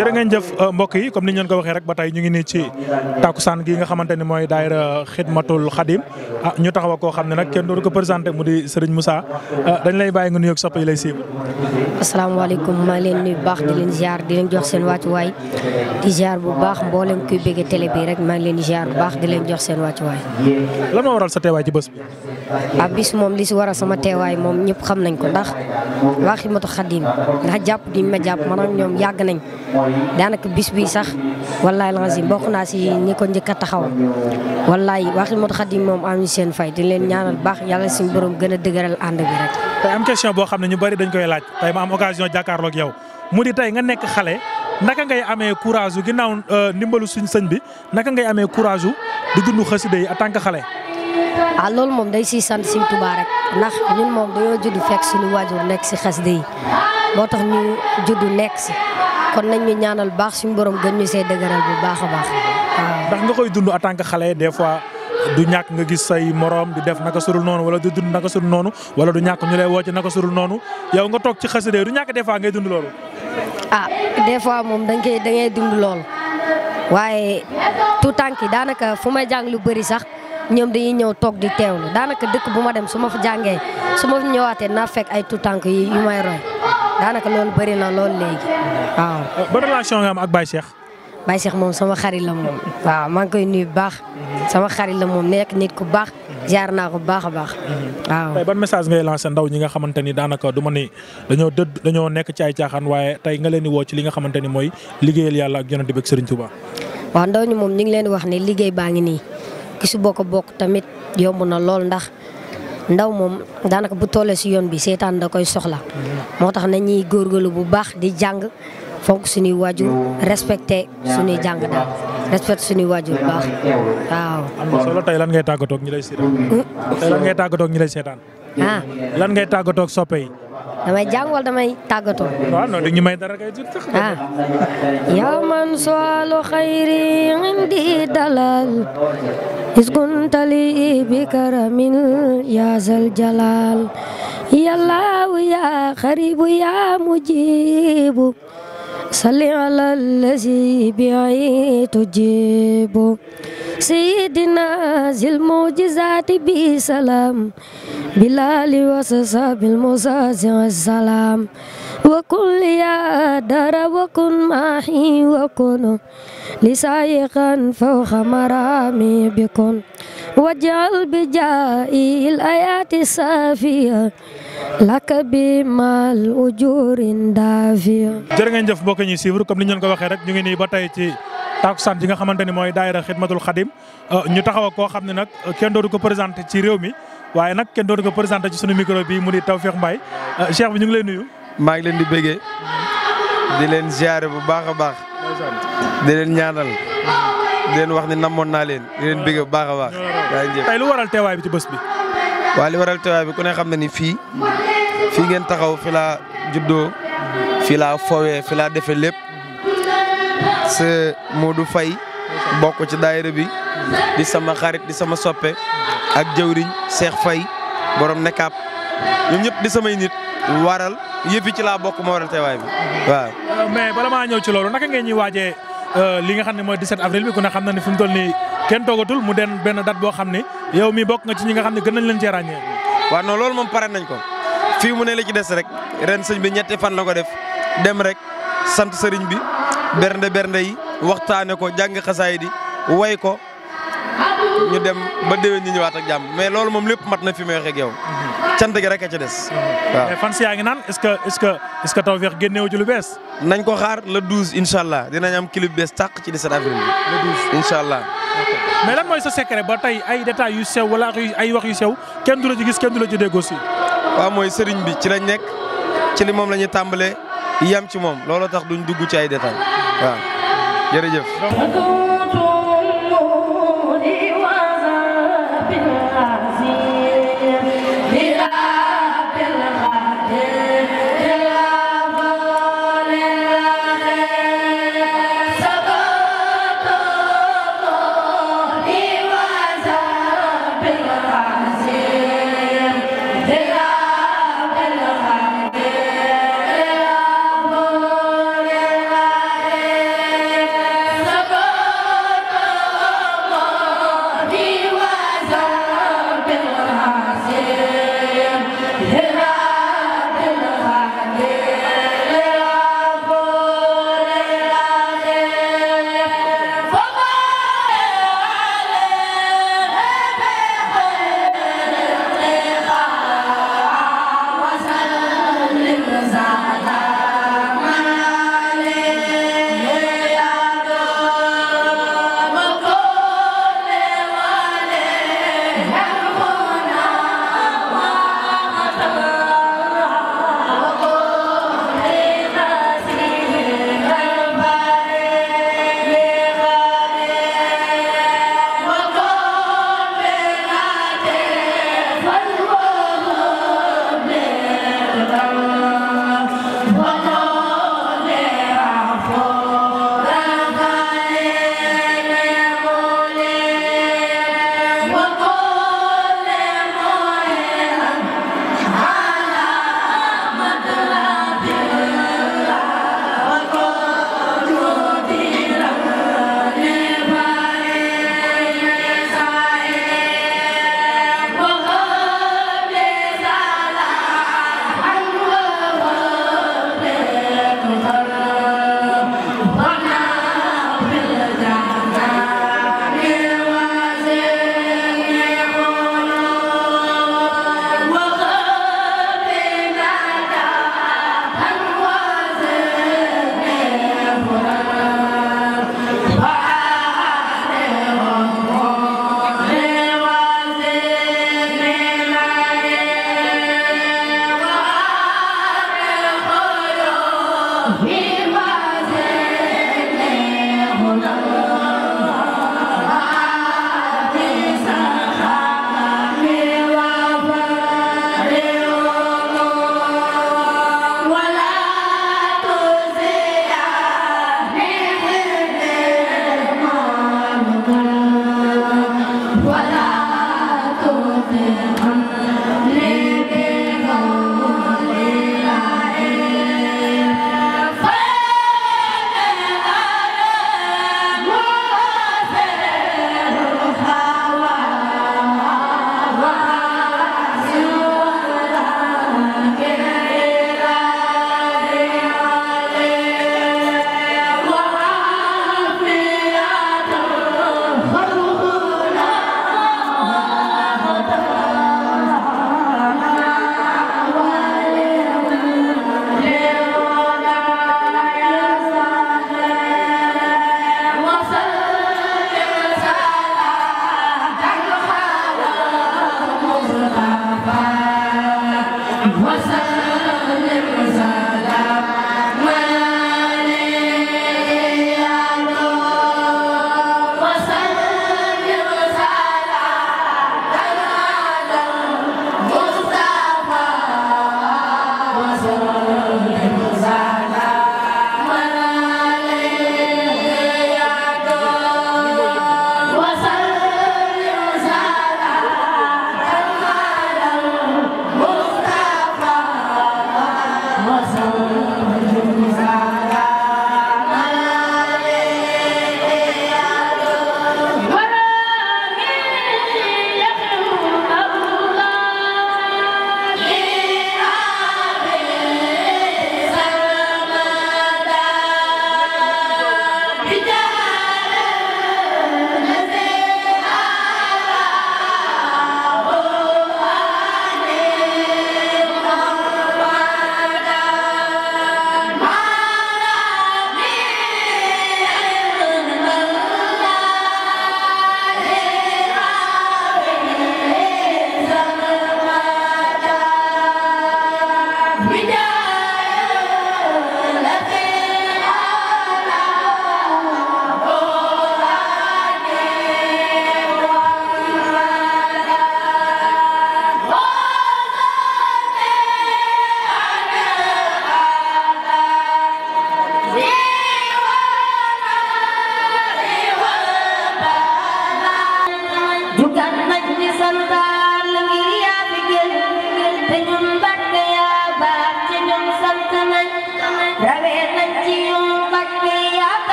jërë ngeen euh, mbokk yi comme ni ñu ko waxee rek ba tey ñu ngi nii ci nga xamante ni mooy daayira xidmatul xadim ah ñu taxaw ak koo xam ne nag kenn dootu ko présenté mu di Serigne Moussa euh, dañ lay bàyyi nga nuyoog sopp yi lay siib. asalaamaaleykum maa leen nuyu bu baax di leen ziar di leen jox seen wàccuwaay di bu baax mboolem kuy bëgg télé bi rek maa ngi leen di ziar bu baax di leen jox seen wàccuwaay. lan moo waral sa teewaay ci bés bi. ah bis moom li si waral sama teewaay moom ñëpp xam nañ ko ndax waa xidmatul xadim ndax jàpp gi ma jàpp maanaam ñoom yàgg nañ daanaka bis bi sax wallaay lazim bokk naa si ñi ko njëkk a taxaw wallaay waxi mot xadim di leen a dëgëral am question ñu bari dañ koy laaj tey ma am occasion jàkkaarloog yow mu di tey nga euh, di dund xasida yi en tant que xale. ah loolu moom day siy sant Sëñ Tuubaa rek ndax ñun moom dañoo judd fekk suñu waajur si xasida yi moo tax ñu judd nekk si kon nañ ñu ñaanal baax suñu borom gën ñu see dëgëral bu baax a baax. ndax nga koy dund a tànk que xale des fois du ñàkk nga gis say moroom di def naka surul noonu wala du dund naka surul noonu wala du ñàkk ñu lay woo ci naka surul noonu yow nga toog ci xasida du ñàkk des fois ngay dund loolu. ah des fois moom da ngay da ngay dund loolu waaye tout tànk yi daanaka fu may jàng lu bëri sax ñoom dañuy ñëw toog di teewlu daanaka dëkk bu ma dem su ma fa jàngee su ma fi ñëwaatee naa fekk ay tout tànk yu may roy. daanaka loolu bëri na loolu léegi waaw. ba relation nga am ak Baye Cheikh. Baye Cheikh moom sama xarit la moom waaw maa ngi koy nuyu bu baax sama xarit la moom nekk nit ku baax jaar naa ko baax a baax waaw. tey ban message ngay lancé ndaw ñi nga xamante ni daanaka du ma ni dañoo dëdd dañoo nekk ci ay caaxaan waaye tey nga leen di woo ci li nga xamante ni mooy liggéeyal yàlla ak yonent bi ak Serigne Touba. waaw ndaw ñi moom ñu ngi leen di wax ne liggéey baa ngi nii ki su bokk bokk tamit yomb na lool ndax. ndaw moom daanaka bu tollee si yoon bi seetaan da koy soxla moo tax góor góorgóorlu bu baax di jàng fonk suñuy waaju respecté suñuy jàng daal respecté suñuy waaju bu baax waaw. am na tey lan ngay tàggatoo ak ñi lay seetaan. Hmm? tey lan ngay tàggatoo ak lay seetaan. Ah. soppe yi. damay jàng wala damay tàggatoo. waaw non du ñu may dara kay tuuti sax. ah yaa man suwaalu xayri indi dalal iskuntali bi karamin yaasal jalal yallaahu yaa xaribu yaa mujibu صل على الذي بعي تجيب سيدنا ذي المعجزات بسلام بلال وصحبه المزازع السلام وكل يا دار وكن معي وكن لسائقا فوق مرامي بكن واجعل بجائي الآيات السافية لك بما الأجور دافية jërë ngeen jëf mbokk ñi suivre comme ni ñu leen ko waxee rek ñu ngi nii ba tey ci taakusaan ji nga xamante ni mooy daayira Xidmatul Xadim euh, ñu taxaw koo xam ne nag euh, kenn doodu ko présenté ci réew mi waaye nag kenn dootu ko présenté ci sunu micro bi mu di Tawfekh mbaay euh, Cheikh bi ñu ngi lay nuyu maa ngi leen di bëggee di leen ziare bu baax a baax. di leen ñaanal di leen wax ni namoon naa leen di leen bëggee bu baax a baax. tey lu waral teewaay bi ci bës bi. waaw li waral teewaay bi ku ne xam na ni fii fii ngeen taxaw fi laa juddoo fi laa fowee fi laa defee lépp sa Modou fay bokk ci daayira bi di sama xarit di sama soppe ak jëwriñ Cheikh Faye borom nekkaab ñoom ñëpp di samay nit. waral yëf yi ci la bokk moo waral teewaay bi waaw. Euh, mais bala maa ñëw ci loolu naka ngeen ñuy waajee euh, li nga xam ne mooy 17 avril bi ku ne xam na ne fi mu toll nii kenn toogatul mu den benn date boo xam ne yow mi bokk nga ci ñi nga xam ne gën nañ leen cee ràññee. waaw non loolu moom pare nañ ko fii mu ne la ci des rek ren sëñ bi ñetti fan la ko def dem rek sant sëriñ bi bernde bernde yi waxtaane ko jàng xasaay di way ko. ñu dem ba déwén ñu ñëwaat ak jàmm mais loolu moom lépp mat na fi may wax ak yow. cant gi a ca des. waaw fan si yaa ngi naan est ce que est ce que est ce que Tawfekh génneewu ci lu bees. nañ ko xaar le 12 incha allah dinañ am bees tàq ci 17 avril bi. le 12 incha allah. mais lan mooy sa secret ba tey ay détails yu sew wala ay wax yu sew kenn du la ci gis kenn du la ci dégg aussi. waaw mooy sëriñ bi ci lañ nekk ci li moom la ñuy tàmbalee yam ci moom looloo tax duñ dugg ci ay détails waaw jërëjëf.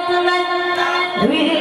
Gentlemen, we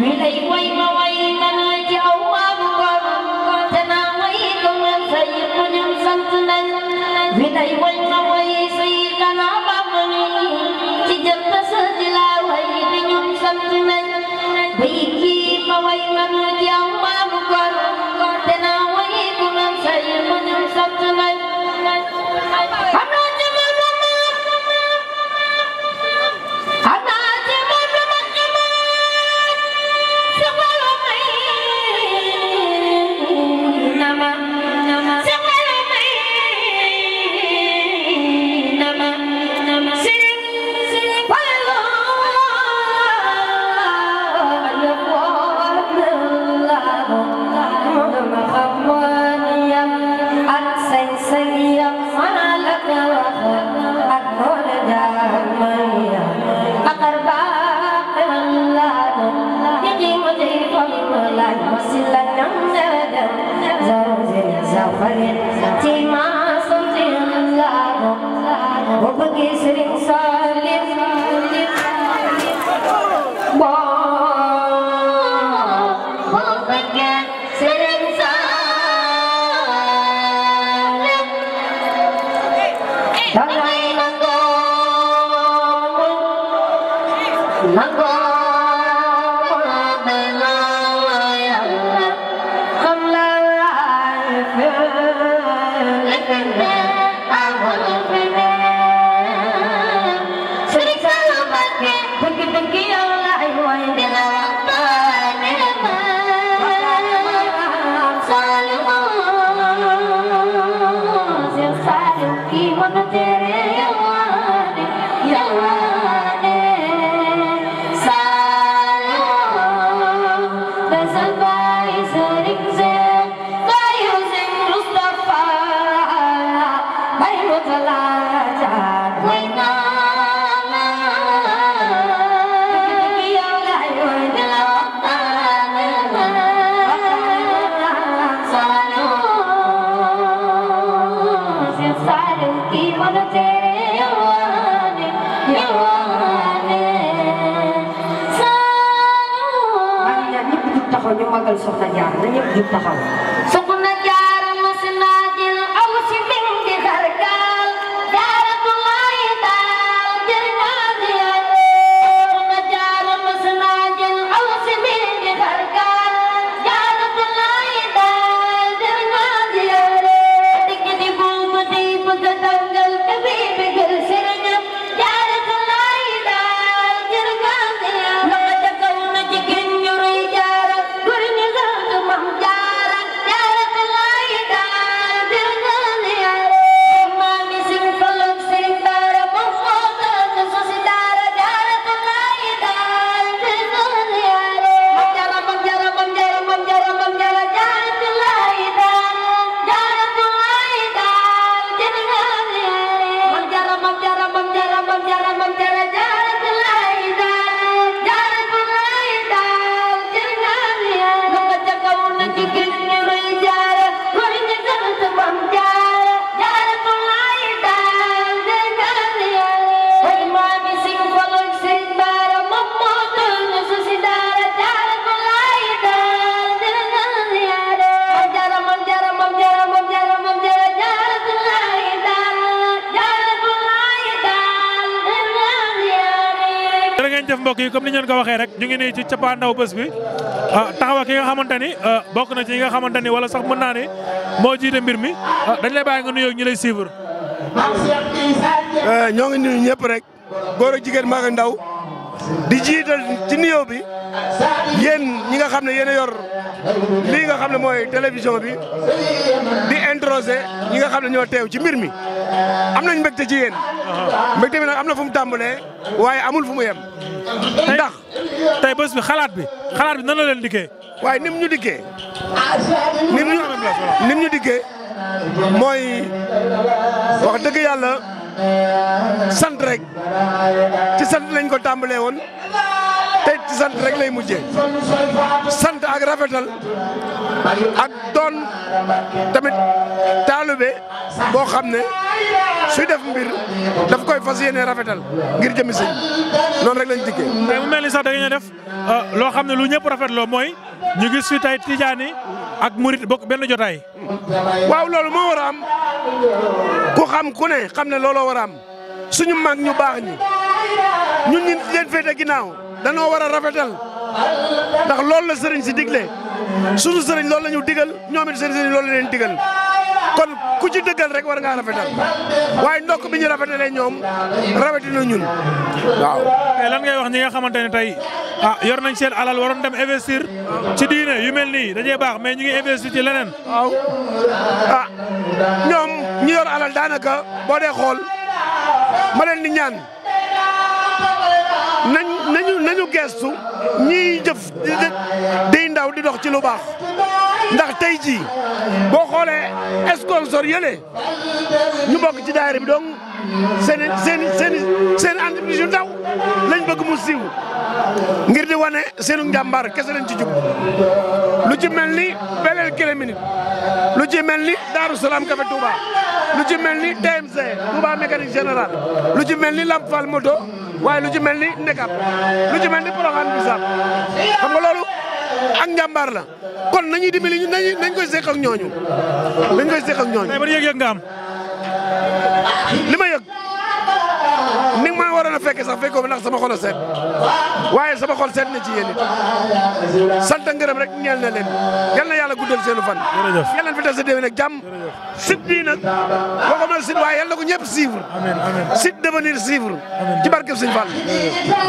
Mẹ lại quay mau soxna jaar na ñëpp jub taxaw ngeen jëf mbokk yi comme ni ñu ko waxee rek ñu ngi nii ci cappaandaw bés bi ah, taxawa ki nga xamante ni ah, bokk na ci yi nga xamante ni wala sax mën naa ne moo jiite mbir mi ah, dañ lay bàyyi nga nuyoo ñu lay suivre. Eh, ñoo ngi nuyu ñëpp rek góor ak jigéen mag ndaw. di jiital ci nuyoo bi yéen ñi nga xam ne yéen a yor lii nga xam ne mooy télévision bi di introsé ñi nga xam ne ñoo teew ci mbir mi am nañ mbégte ci yéen uh-huh. mbégte bi nag am na fu mu tàmbalee waaye amul fu mu yem ndax tey bés bi xalaat bi xalaat bi nan la leen dikkee waaye nim ñu dikkee nim ñu dikkee mooy wax dëgg yàlla sant rek ci sant lañ ko tàmbalee woon tey ci sant rek lay mujjee sant ak rafetal ak doon tamit taalube boo xam ne. suy def mbir daf koy fas yéene rafetal ngir jëmi sëñ noonu rek lañ dikkee. mais mel ni sax da ngeen def euh, loo xam ne lu ñëpp rafetloo mooy ñu gis fi tey Tijaani ak Murit bokk benn jotaay. waaw loolu moo war a am ku xam ku ne xam ne looloo war a am suñu mag ñu baax ñi ñun ñi leen féete ginnaaw danoo war a rafetal ndax loolu la sëriñ si digle suñu sëriñ loolu la ñu digal ñoom seen sëriñ loolu la leen kon ku ci dëggal rek war ngaa rafetal waaye ndokk bi ñu rafetalee ñoom rawatina ñun waaw. tey eh, lan ngay wax ñi nga xamante ne tey a ah, yor nañ seen alal waroon dem investir ci diine yu mel nii dajee baax mais ñu ngi investir ci leneen. waaw ah, ñoom ñu yor alal daanaka boo dee xool ma leen ñaan. nañ nañu nañu gestu ñiy jëf day ndaw di dox ci lu baax ndax tey ji boo xoolee sponsor yële ñu bokk ci daayira bi donc seen seen seen seen entreprise yu ndaw lañ bëgg mu ngir di wane seenu njàmbaar kese lañ ci jub lu ci mel ni beleel kile lu ci mel ni Daaru Salaam Café Touba lu ci mel ni TMC Touba mécanique général lu ci mel ni Lamp Fall waaye lu ci mel ni Ndekap lu ci ni Porokhane bi sax ak njàmbaar la kon nañuy dimbali ñu nañu nañ koy seq ak ñooñu nañ koy seq ak ñooñu. tey ban yëg-yëg nga am. li ma yëg ni ma waroon a fekkee sax fekkoo ndax sama xol a seet waaye sama xol seet na ci yéen it sant ngërëm rek ñeel yàlla guddal seenu fan. jërëjëf yal fi des a déwén ak jàmm. site bii nag waxuma site waaye yal na ko ñëpp suivre. amiin amiin site devenir suivre. ci barke Sëñ Fall.